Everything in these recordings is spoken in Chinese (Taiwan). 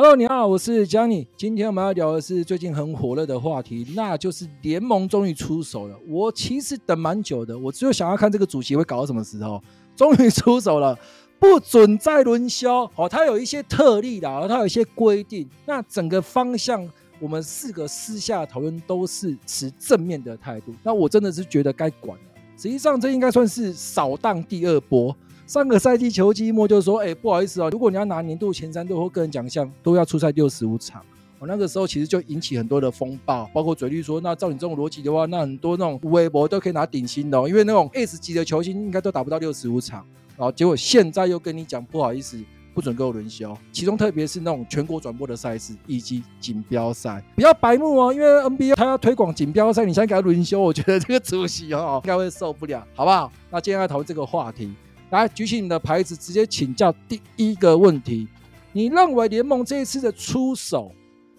Hello，你好，我是 Johnny。今天我們要聊的是最近很火熱的話題，那就是聯盟終於出手了。我其實等蠻久的，我就想要看這個主席會搞到什麼時候。終於出手了，不准再輪休好、哦，它有一些特例啦，然後它有一些規定。那整個方向，我們四個私下討論都是持正面的態度。那我真的是覺得該管了。實際上，這應該算是掃蕩第二波。上個賽季球季末就是說，哎，不好意思喔，如果你要拿年度前三隊或個人獎項，都要出賽六十五場喔。我那個時候其實就引起很多的風暴，包括嘴綠說，那照你這種邏輯的話，那很多那種微博，都可以拿頂薪的喔，因為那種 S 級的球星應該都達不到六十五場。然後結果現在又跟你講，不好意思，不准給我輪休，其中特別是那種全國轉播的賽事以及錦標賽，比較白目喔。因為 NBA 他要推廣錦標賽，你現在給他輪休，我覺得這個主席喔應該會受不了，好不好？那接下來討論這個話題。來，舉起你的牌子，直接請教第一個問題：你認為聯盟這一次的出手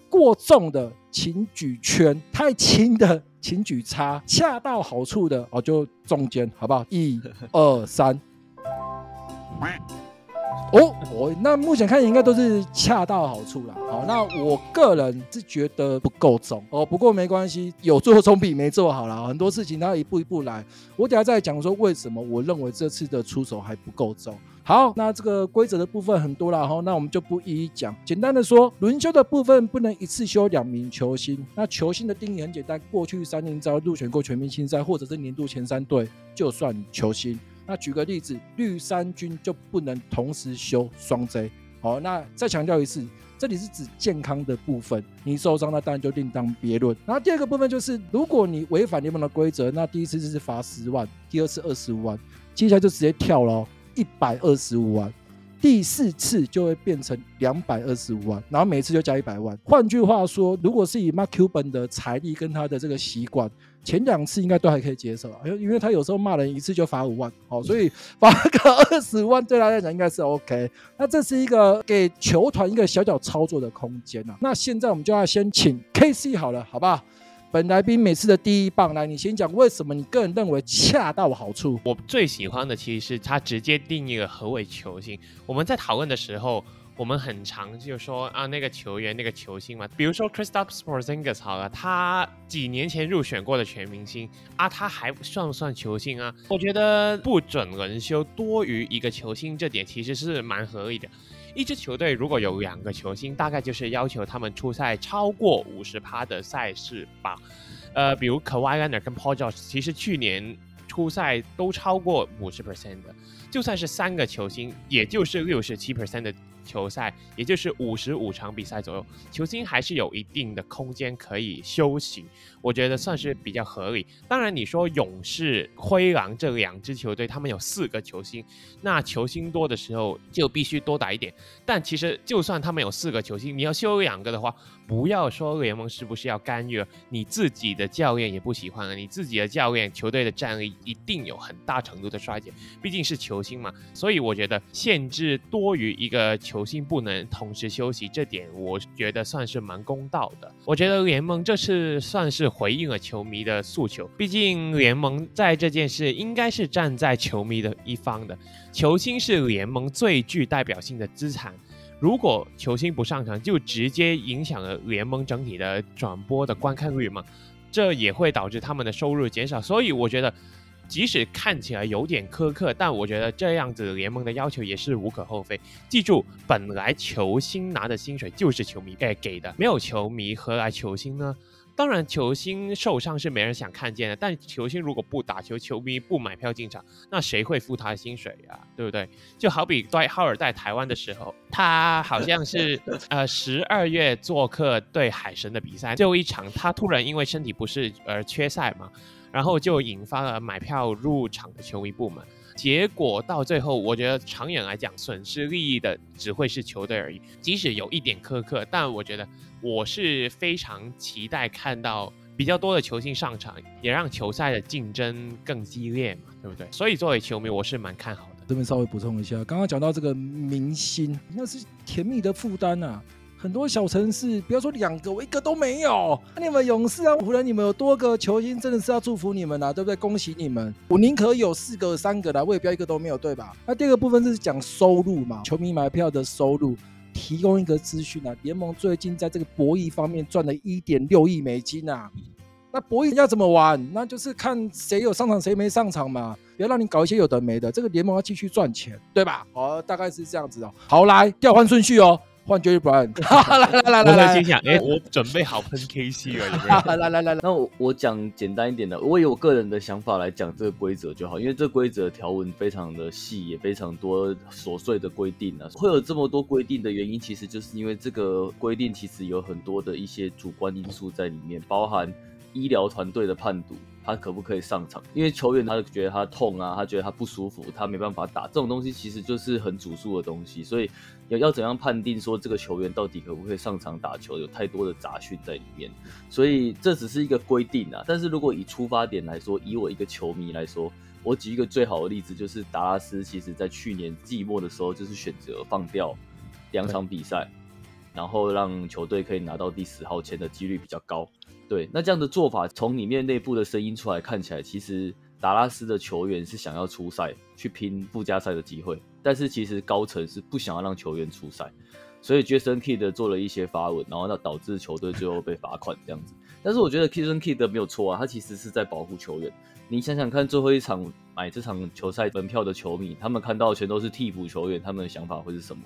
過重的，請舉圈；太輕的，請舉叉；恰到好處的，我、哦、就中間，好不好？一、二、三。 哦，我、哦、那目前看應該都是恰到好處啦。好，那我個人是覺得不夠重哦，不過沒關係，有做重比沒做好啦。很多事情都要一步一步來。我等下再講說為什麼我認為這次的出手還不夠重。好，那這個規則的部分很多了，哈，那我們就不一一講。簡單的說，輪休的部分不能一次休兩名球星。那球星的定義很簡單，過去三年只要入選過全明星賽或者是年度前三隊，就算球星。那舉個例子，綠衫軍就不能同時修雙 J。好，那再強調一次，這裡是指健康的部分，你受傷那當然就另當別論。那第二個部分就是，如果你違反聯盟的規則，那第一次就是罰十萬，第二次二十五萬，接下來就直接跳了，一百二十五萬。第四次就會變成兩百二十五萬，然後每次就加一百萬。換句話說，如果是以 Mark Cuban 的財力跟他的這個習慣，前兩次應該都還可以接受啊，因為因為他有時候罵人一次就罰五萬，哦，所以罰個二十萬對他來講應該是 OK。那這是一個給球團一個小小操作的空間吶啊。那現在我們就要先請 KC 好了，好不好？本來比每次的第一棒來，你先講為什麼你個人認為恰到好處。我最喜歡的其實是他直接定義了何為球星。我們在討論的時候，我們很常就說啊，那個球員、那個球星嘛。比如說 Kristaps Porzingis 好了，他幾年前入選過的全明星啊，他還算不算球星啊？我覺得不准輪休多於一個球星這點其實是蠻合理的。一支球隊如果有兩個球星，大概就是要求他們出賽超過五十趴的賽事吧。呃，比如 Kawhi Leonard 跟 Paul George，其實去年出賽都超過五十 percent 的。就算是三個球星，也就是六十七 percent 的。球賽也就是五十五場比賽左右，球星還是有一定的空間可以休息，我覺得算是比較合理。當然，你說勇士、灰狼這兩支球隊，他們有四個球星，那球星多的時候就必須多打一點。但其實，就算他們有四個球星，你要休兩個的話，不要說聯盟是不是要干預了，你自己的教練也不喜歡啊。你自己的教練，球隊的戰力一定有很大程度的衰減，畢竟是球星嘛。所以，我覺得限制多於一個球球星不能同時休息，這點我覺得算是蠻公道的。我覺得聯盟這次算是回應了球迷的訴求，畢竟聯盟在這件事應該是站在球迷的一方的。球星是聯盟最具代表性的資產，如果球星不上場，就直接影響了聯盟整體的轉播的觀看率嘛，這也會導致他們的收入減少。所以我覺得。即使看起來有點苛刻，但我覺得這樣子聯盟的要求也是無可厚非。記住，本來球星拿的薪水就是球迷該給的，沒有球迷何來球星呢？當然，球星受傷是沒人想看見的。但球星如果不打球，球迷不買票進場，那誰會付他的薪水呀、啊？對不對？就好比戴哈爾在台灣的時候，他好像是呃十二月做客對海神的比賽最後一場，他突然因為身體不適而缺賽嘛，然後就引發了買票入場的球迷不滿。結果到最後，我覺得長遠來講，損失利益的只會是球隊而已。即使有一點苛刻，但我覺得我是非常期待看到比較多的球星上場，也讓球賽的競爭更激烈嘛，對不對？所以作為球迷，我是蠻看好的。這邊稍微補充一下，剛剛講到這個明星，那是甜蜜的負擔啊。很多小城市，不要說兩個，我一個都沒有。那你們勇士啊、湖人，你們有多個球星，真的是要祝福你們啊，對不對？恭喜你們！我寧可有四個、三個的，我也不要一個都沒有，對吧？那第二個部分就是講收入嘛，球迷買票的收入，提供一個資訊啊，聯盟最近在這個博弈方面賺了一點六億美金啊。那博弈要怎麼玩？那就是看誰有上場，誰沒上場嘛。不要讓你搞一些有的沒的。這個聯盟要繼續賺錢，對吧？好，大概是這樣子哦。好，來調換順序哦。換 J 版， 來來來來來，哎、欸，我準備好噴 K C 了。 裡面 來來來，那我我講簡單一點的，我以我個人的想法來講這個規則就好，因為這個規則條文非常的細，也非常多瑣碎的規定呢、啊。會有這麼多規定的原因，其實就是因為這個規定其實有很多的一些主觀因素在裡面，包含。醫療團隊的判讀，他可不可以上場？因為球員他覺得他痛啊，他覺得他不舒服，他沒辦法打。這種東西其實就是很主訴的東西，所以要要怎樣判定說這個球員到底可不可以上場打球，有太多的雜訊在裡面。所以這只是一個規定啊。但是如果以出發點來說，以我一個球迷來說，我舉一個最好的例子，就是達拉斯其實在去年季末的時候，就是選擇放掉兩場比賽，嗯，然後讓球隊可以拿到第十號籤的幾率比較高。對，那這樣的做法，從裡面內部的聲音出來看起來，其實達拉斯的球員是想要出賽去拼附加賽的機會，但是其實高層是不想要讓球員出賽，所以 Jason Kidd 做了一些發文，然後那導致球隊最後被罰款這樣子。但是我覺得 k i e s on k i e 的沒有錯啊，他其實是在保護球員。你想想看，最後一場買這場球賽門票的球迷，他們看到的全都是替補球員，他們的想法會是什麼？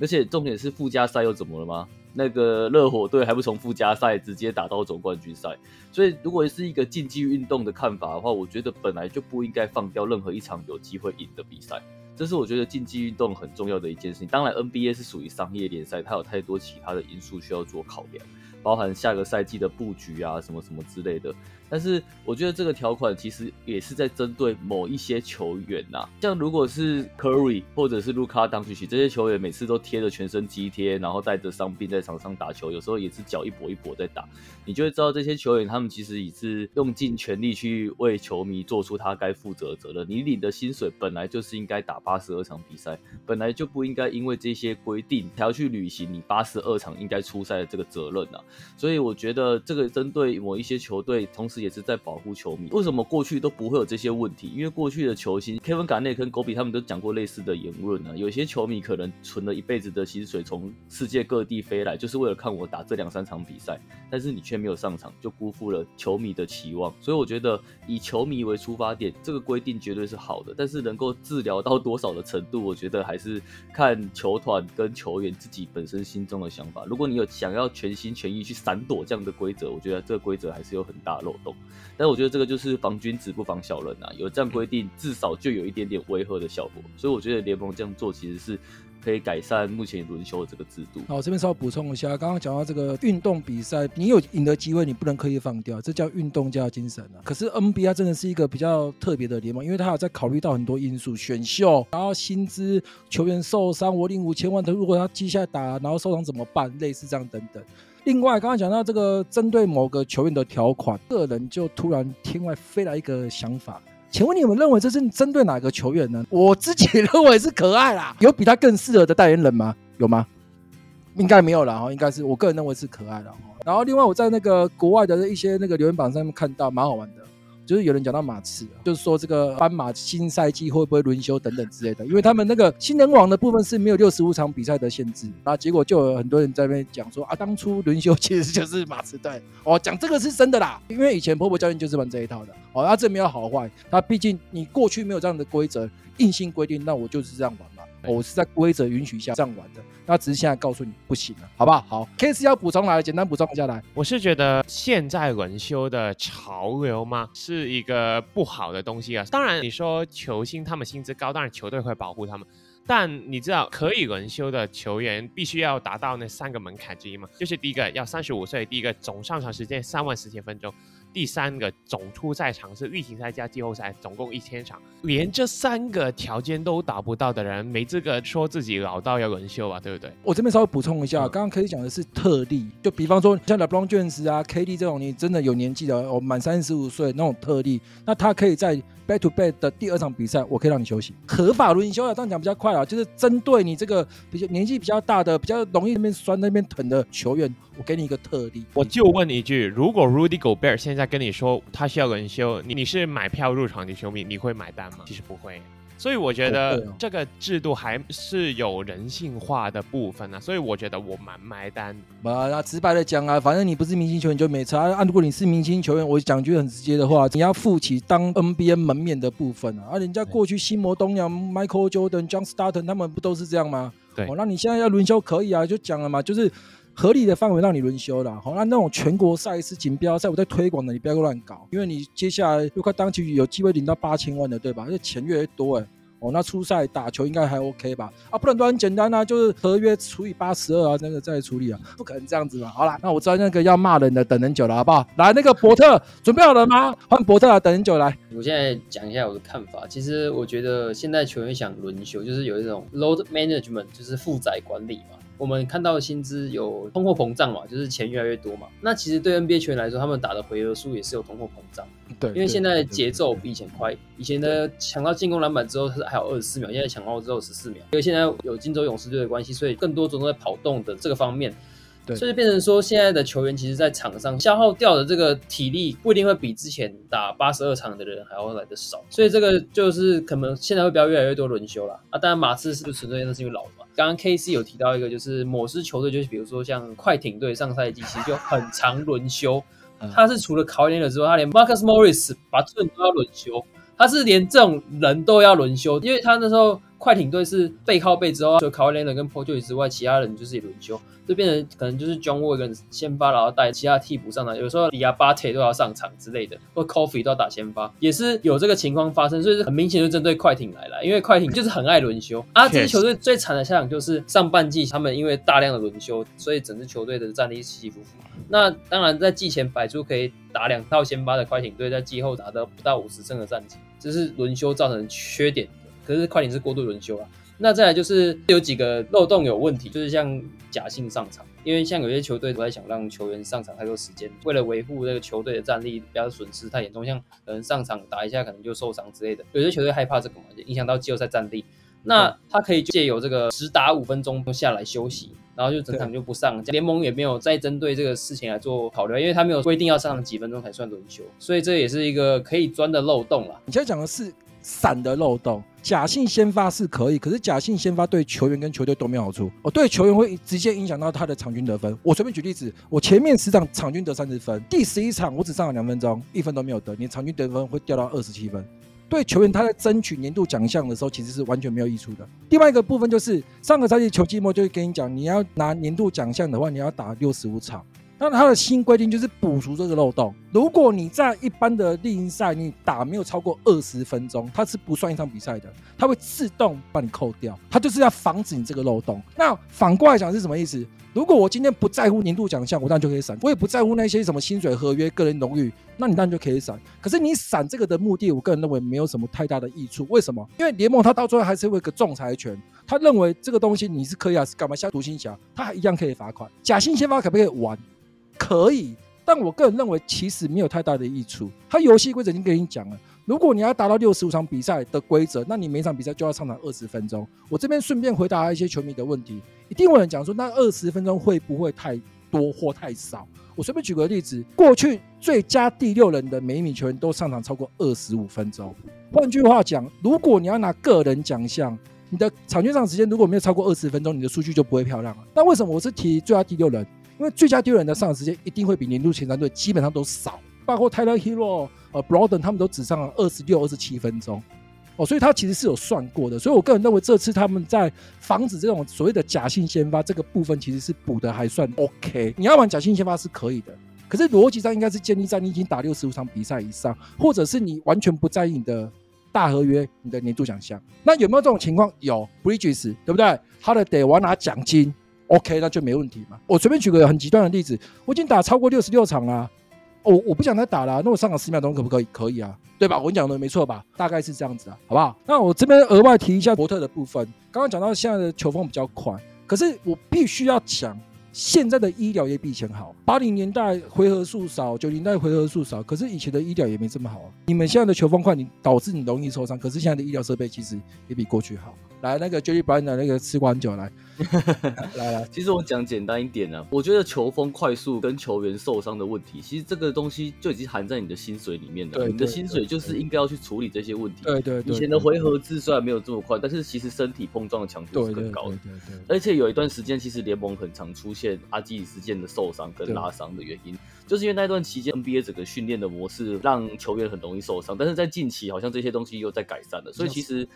而且重點是附加賽又怎麼了嗎？那個熱火隊還不從附加賽直接打到總冠軍賽，所以如果是一個競技運動的看法的話，我覺得本來就不應該放掉任何一場有機會贏的比賽。這是我覺得競技運動很重要的一件事情。當然，NBA 是屬於商業聯賽，它有太多其他的因素需要做考量。包含下個賽季的布局啊，什麼什麼之類的。但是我覺得這個條款其實也是在針對某一些球員吶、啊，像如果是 Curry 或者是盧卡東契奇，這些球員，每次都貼着全身肌貼，然後帶着傷病在場上打球，有時候也是腳一跛一跛在打，你就會知道這些球員他們其實已是用盡全力去為球迷做出他該負責的責任。你領的薪水本來就是應該打八十二場比賽，本來就不應該因為這些規定才要去履行你八十二場應該出賽的這個責任吶、啊。所以我覺得這個針對某一些球隊，同時也是在保護球迷。為什麼過去都不會有這些問題？因為過去的球星，Kevin Garnett 跟 Kobe 他們都講過類似的言論呢、啊。有些球迷可能存了一輩子的薪水，從世界各地飛來，就是為了看我打這兩三場比賽，但是你卻沒有上場，就辜負了球迷的期望。所以我覺得以球迷為出發點，這個規定絕對是好的。但是能夠治療到多少的程度，我覺得還是看球團跟球員自己本身心中的想法。如果你有想要全心全意，去閃躲這樣的規則，我覺得這個規則還是有很大漏洞。但我覺得這個就是防君子不防小人啊，有這樣規定，至少就有一點點威嚇的效果。所以我覺得聯盟這樣做其實是可以改善目前輪休的這個制度。那我這邊稍微補充一下，剛剛講到這個運動比賽，你有贏的機會，你不能刻意放掉，這叫運動家的精神啊。可是 NBA 真的是一個比較特別的聯盟，因為他有在考慮到很多因素，選秀，然後薪資球員受傷，我領五千萬的，如果他接下來打，然後受傷怎麼辦？類似這樣等等。另外，剛剛講到這個針對某個球員的條款，個人就突然天外飛來一個想法，請問你們認為這是針對哪個球員呢？我自己認為是可愛啦，有比他更適合的代言人嗎？有嗎？應該沒有啦，應該是我個人認為是可愛啦。然後另外我在那個國外的一些那個留言板上面看到，蠻好玩的。就是有人講到馬刺、啊，就是說這個斑馬新賽季會不會輪休等等之類的，因為他們那個新人王的部分是沒有六十五場比賽的限制、啊。那結果就有很多人在那邊講說啊，當初輪休其實就是馬刺隊哦，講這個是真的啦，因為以前波波教練就是玩這一套的哦。那這沒有好壞，那畢竟你過去沒有這樣的規則硬性規定，那我就是這樣玩。我是在規則允許下這樣玩的，那只是現在告訴你不行了，好不好？好，KC 要補充來了，簡單補充一下來。我是覺得現在輪休的潮流嗎，是一個不好的東西啊。當然你說球星他們薪資高，當然球隊會保護他們，但你知道可以輪休的球員必須要達到那三個門檻之一嗎？就是第一個要三十五歲，第一個總上場時間三萬四千分鐘。第三個總出賽場是例行賽加季後賽，總共一千場。連這三個條件都達不到的人，沒資格說自己老到要輪休吧，對不對？我這邊稍微補充一下，嗯、剛剛可以講的是特例，就比方說像 LeBron James 啊、KD 這種你真的有年紀的，哦，滿三十五歲那種特例，那他可以在 back to back 的第二場比賽，我可以讓你休息，合法輪休啊。這樣講比較快啊，就是針對你這個比較年紀比較大的、比較容易那邊酸那邊疼的球員。我給你一個特例，我就問一句：如果 Rudy Gobert 現在跟你說他需要輪休，你你是買票入場的球迷，你會買單嗎？其實不會，所以我覺得這個制度還是有人性化的部分啊。所以我覺得我蠻買單。那、哦哦啊、直白的講啊，反正你不是明星球員就沒差、啊。啊。如果你是明星球員，我講句很直接的話，你要負起當 NBA 門面的部分啊。啊，人家過去西摩、東陽、Michael Jordan、John Stockton 他們不都是這樣嗎？對，哦、那你現在要輪休可以啊，就講了嘛，就是。合理的範圍讓你輪休了，好、哦，那那種全國賽事錦標賽我在推廣的，你不要亂搞，因為你接下來又快當期有機會領到八千萬的，對吧？而且錢越來越多、欸、哦。那初賽打球應該還 OK 吧？啊，不能說很簡單啊，就是合約除以八十二啊，那個再處理啊，不可能這樣子嘛。好了，那我知道那個要罵人的等很久了，好不好？來，那個伯特準備好了嗎？換伯特了，等很久來。我現在講一下我的看法，其實我覺得現在球員想輪休，就是有一種 load management，就是負載管理嘛。我們看到的薪資有通貨膨脹嘛，就是錢越來越多嘛。那其實對 NBA 球員來說，他們打的回合數也是有通貨膨脹。對，因為現在節奏比以前快，對對對對，以前的搶到進攻籃板之後，是還有二十四秒，現在搶到之後十四秒。因為現在有金州勇士隊的關係，所以更多著重在跑動的這個方面。對，所以變成說現在的球員其實，在場上消耗掉的這個體力，不一定會比之前打八十二場的人還要來的少。所以這個就是可能現在會比較越來越多輪休了啊。當然，馬刺是不是純粹是因為老了？剛剛 KC 有提到一個，就是某支球隊，就是比如說像快艇隊，上賽季其實就很常輪休。他是除了考利勒之外，他連 Marcus Morris、Batum 都要輪休。他是連這種人都要輪休，因為他那時候。快艇隊是背靠背之後，除了 Kawhi 跟 Paul George 之外，其他人就是輪休，就變成可能就是 John Wall 跟先發，然後帶其他替補上場，有時候 Diabate 都要上場之類的，或 Coffee 都要打先發，也是有這個情況發生，所以很明顯就針對快艇來了，因為快艇就是很愛輪休啊。這支球隊最慘的下場就是上半季他們因為大量的輪休，所以整支球隊的戰力起起伏伏。那當然，在季前擺出可以打兩套先發的快艇隊，在季後打到不到五十勝的戰績，這是輪休造成的缺點。可是快艇是過度輪休啊，那再來就是有幾個漏洞有問題，就是像假性上場，因為像有些球隊不太想讓球員上場太多時間，為了維護這個球隊的戰力，不要損失太嚴重，像可能上場打一下可能就受傷之類的，有些球隊害怕這個嘛，就影響到季後賽戰力、嗯。那他可以借由這個只打五分鐘下來休息、嗯，然後就整場就不上。聯盟也沒有再針對這個事情來做考慮，因為他沒有規定要上場幾分鐘才算輪休，所以這也是一個可以鑽的漏洞啦。你現在講的是。散的漏洞，假性先發是可以，可是假性先發對球員跟球隊都沒有好處哦。我對球員會直接影響到他的場均得分。我隨便舉例子，我前面十場場均得三十分，第十一場我只上了兩分鐘，一分都沒有得，你場均得分會掉到二十七分。對球員他在爭取年度獎項的時候，其實是完全沒有益處的。另外一個部分就是上個賽季球季末就會跟你講，你要拿年度獎項的話，你要打六十五場。那它的新規定就是補足這個漏洞。如果你在一般的例行賽，你打沒有超過二十分鐘，它是不算一場比賽的，它會自動幫你扣掉。它就是要防止你這個漏洞。那反過來講是什麼意思？如果我今天不在乎年度獎項，我當然就可以閃；我也不在乎那些什麼薪水合約、個人榮譽，那你當然就可以閃。可是你閃這個的目的，我個人認為沒有什麼太大的益處。為什麼？因為聯盟它到最後還是會有一個仲裁權，他認為這個東西你是可以還是幹嘛，像獨行俠，它還一樣可以罰款。假性先發可不可以玩？可以，但我個人認為其實沒有太大的益處。他遊戲規則已經跟你講了，如果你要達到六十五場比賽的規則，那你每場比賽就要上場二十分鐘。我這邊順便回答一些球迷的問題，一定會有人講說，那二十分鐘會不會太多或太少？我隨便舉個例子，過去最佳第六人的每一名球員都上場超過二十五分鐘。換句話講，如果你要拿個人獎項，你的場均上時間如果沒有超過二十分鐘，你的數據就不會漂亮了。那為什麼我是提最佳第六人？因為最佳第六人的上場時間一定會比年度前三隊基本上都少，包括泰勒 Herro 呃 Brogdon 他們都只上了二十六、二十七分鐘，哦，所以他其實是有算過的。所以我個人認為，這次他們在防止這種所謂的假性先發這個部分，其實是補得還算 OK。你要玩假性先發是可以的，可是邏輯上應該是建立在你已經打六十五場比賽以上，或者是你完全不在意你的大合約、你的年度獎項。那有沒有這種情況？有 Bridges 對不對？他的得要拿獎金。OK，那就沒問題嘛。我隨便舉個很極端的例子，我已經打超過六十六場啦，我我不想再打啦，那我上場十秒鐘可不可以？可以啊，對吧？我講的沒錯吧？大概是這樣子啊，好不好？那我這邊額外提一下伯特的部分。剛剛講到現在的球風比較快，可是我必須要講，現在的醫療也比以前好。八零年代回合數少，九零代回合數少，可是以前的醫療也沒這麼好。你們現在的球風快，你導致你容易受傷，可是現在的醫療設備其實也比過去好。來那個 Jerry Bryant 的那個吃關酒來， 來來。其實我講簡單一點呢、啊，我覺得球風快速跟球員受傷的問題，其實這個東西就已經含在你的薪水裡面了。對對對對，你的薪水就是應該要去處理這些問題。對對對對，以前的回合制雖然沒有這麼快，對對對對，但是其實身體碰撞的強度是更高的。對對對對對對，而且有一段時間，其實聯盟很常出現阿基里斯腱，的受傷跟拉傷的原因，對對對對，就是因為那段期間 NBA 整個訓練的模式讓球員很容易受傷。但是在近期，好像這些東西又在改善了，所以其實。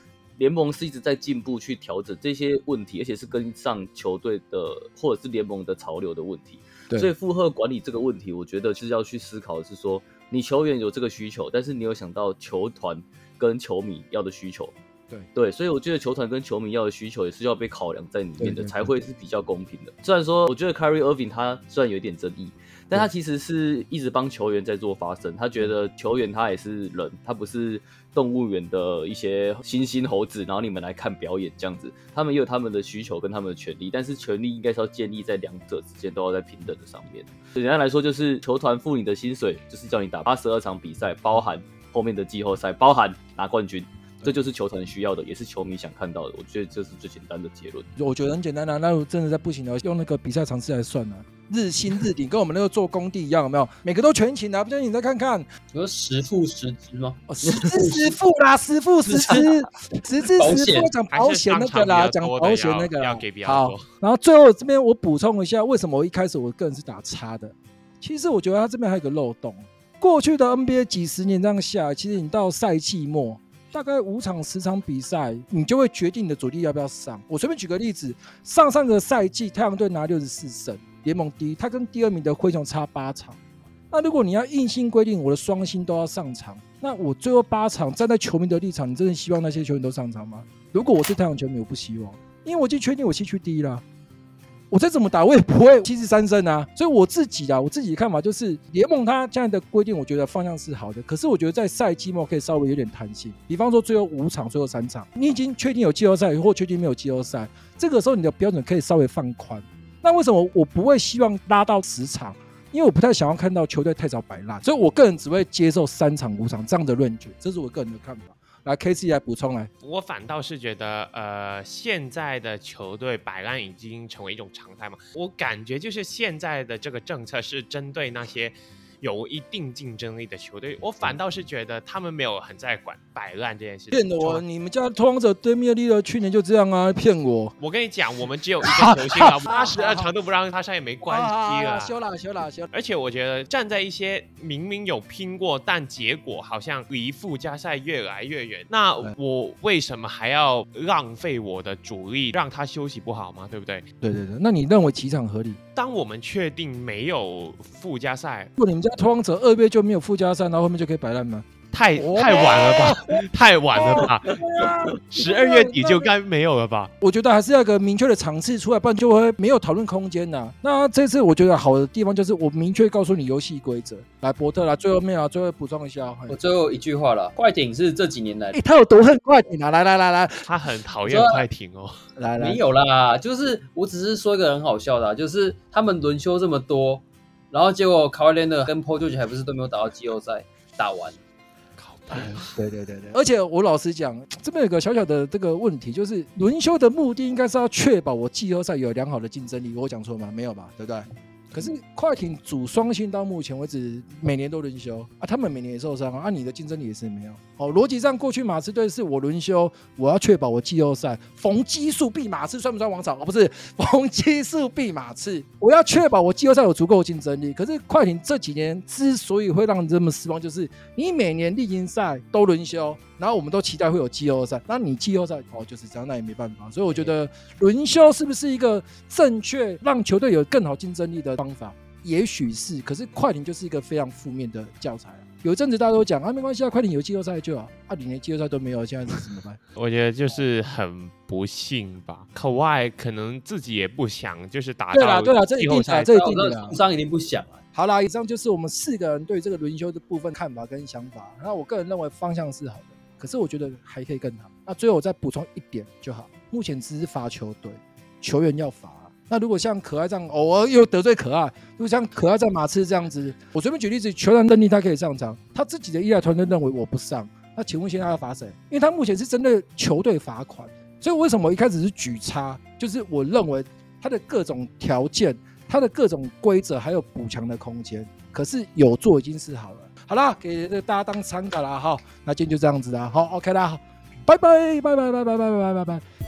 聯盟是一直在進步，去調整這些問題，而且是跟上球隊的或者是聯盟的潮流的問題。對，所以負荷管理這個問題，我覺得就是要去思考的是說你球員有這個需求，但是你有想到球團跟球迷要的需求。對，對所以我覺得球團跟球迷要的需求也是要被考量在裡面的，對對對才會是比較公平的。雖然說，我覺得 Kyrie Irving 他雖然有點爭議。但他其實是一直幫球員在做發聲，他覺得球員他也是人，他不是動物園的一些猩猩猴子，然後你們來看表演這樣子，他們也有他們的需求跟他們的權利，但是權利應該是要建立在兩者之間都要在平等的上面。簡單來說，就是球團付你的薪水，就是叫你打八十二場比賽，包含後面的季後賽，包含拿冠軍，這就是球團需要的，也是球迷想看到的。我覺得這是最簡單的結論。我覺得很簡單啊，那如果真的在不行了，用那個比賽場次來算呢、啊？日新日頂，跟我們那個做工地一樣，有沒有？每個都全勤的、啊，不相信你再看看。有十副十支嗎？哦，十支十副 啦，十副十支、啊，十支十副，講保險那個啦，講保險那個。好，然後最後這邊我補充一下，為什麼我一開始我個人是打叉的？其實我覺得他這邊還有個漏洞。過去的 NBA 幾十年這樣下來，其實你到賽季末，大概五場十場比賽，你就會決定你的主力要不要上。我隨便舉個例子，上上個賽季太陽隊拿六十四勝。聯盟第一，他跟第二名的灰熊差八場。那如果你要硬性規定我的雙星都要上場，那我最後八場站在球迷的立場，你真的希望那些球員都上場嗎？如果我是太陽球迷，我不希望，因為我已經確定我西區第一了。我再怎麼打，我也不會七十三勝啊。所以我自己啊，我自己的看法就是，聯盟他現在的規定，我覺得方向是好的。可是我覺得在賽季末可以稍微有點彈性，比方說最後五場、最後三場，你已經確定有季後賽，或確定沒有季後賽，這個時候你的標準可以稍微放寬。那為什麼我不會希望拉到十場？因為我不太想要看到球隊太早擺爛，所以我個人只會接受三場五場這樣的論決，這是我個人的看法。來，KC 來補充來，我反倒是覺得，呃，現在的球隊擺爛已經成為一種常態嘛？我感覺就是現在的這個政策是針對那些。有一定競爭力的球隊，我反倒是覺得他們沒有很在管擺爛這件事情。騙我！你們家通着對面力了，去年就這樣啊！騙我！我跟你講，我們只有一個球星，八十二場都不讓他上也沒關係了、啊。休、啊、了，休了，休了。而且我覺得，站在一些明明有拼過，但結果好像離附加賽越來越遠，那我為什麼還要浪費我的主力讓他休息不好嗎？對不對？對對對。那你認為幾場合理？當我們確定沒有附加賽，不能創作者二月就沒有附加賽，然後後面就可以擺爛嗎？太太晚了吧，太晚了吧！十、哦、二、哦哎、月底就該沒有了吧？我覺得還是要一個明確的場次出來，不然就會沒有討論空間的。那這次我覺得好的地方就是我明確告訴你遊戲規則。來，伯特，來最後面啊，嗯、最後補充一下，我最後一句話了。快艇是這幾年來，哎、欸，他有多恨快艇啊？來來來來，他很討厭快艇哦。來來，沒有啦，就是我只是說一個很好笑的、啊，就是他們輪休這麼多。然後結果卡 a r 的跟坡度 r 還不是都沒有打到季後賽，打完，靠！對對對對，而且我老實講，這邊有個小小的這個問題，就是輪休的目的應該是要確保我季後賽有良好的競爭力，我講錯嗎？沒有吧？對不對？可是快艇主雙星到目前為止每年都輪休啊，他們每年也受傷啊，啊，你的競爭力也是沒有。哦，邏輯上過去馬刺隊是我輪休，我要確保我季後賽逢奇數必馬刺，算不算王朝？哦，不是，逢奇數必馬刺，我要確保我季後賽有足夠競爭力。可是快艇這幾年之所以會讓人們失望，就是你每年例行賽都輪休。然後我們都期待會有季後賽。那你季後賽哦，就是這樣，那也沒辦法。所以我覺得輪休是不是一個正確讓球隊有更好競爭力的方法？也許是。可是快艇就是一個非常負面的教材，啊。有一陣子大家都講啊，沒關係啊，快艇有季後賽就好，啊，你連季後賽都沒有，現在是怎麼辦？ 我覺得就是很不幸吧。可愛可能自己也不想，就是打對了、啊、對了、啊，這季後賽這一定受不想好了，以上就是我們四個人對這個輪休的部分的看法跟想法。那我個人認為方向是好的。可是我覺得還可以更好。那最後我再補充一點就好。目前只是罰球隊球員要罰。那如果像可愛這樣，偶爾又得罪可愛，如果像可愛在馬刺這樣子，我隨便舉例子，球員認定他可以上場，他自己的醫療團隊認為我不上。那請問現在要罰誰？因為他目前是針對球隊罰款。所以為什麼一開始是舉差？就是我認為他的各種條件、他的各種規則還有補強的空間，可是有做已經是好了。好啦，給這大家當參考啦哈。那今天就這樣子啦。好，OK 啦，拜拜拜拜拜拜拜拜拜拜。拜拜拜拜。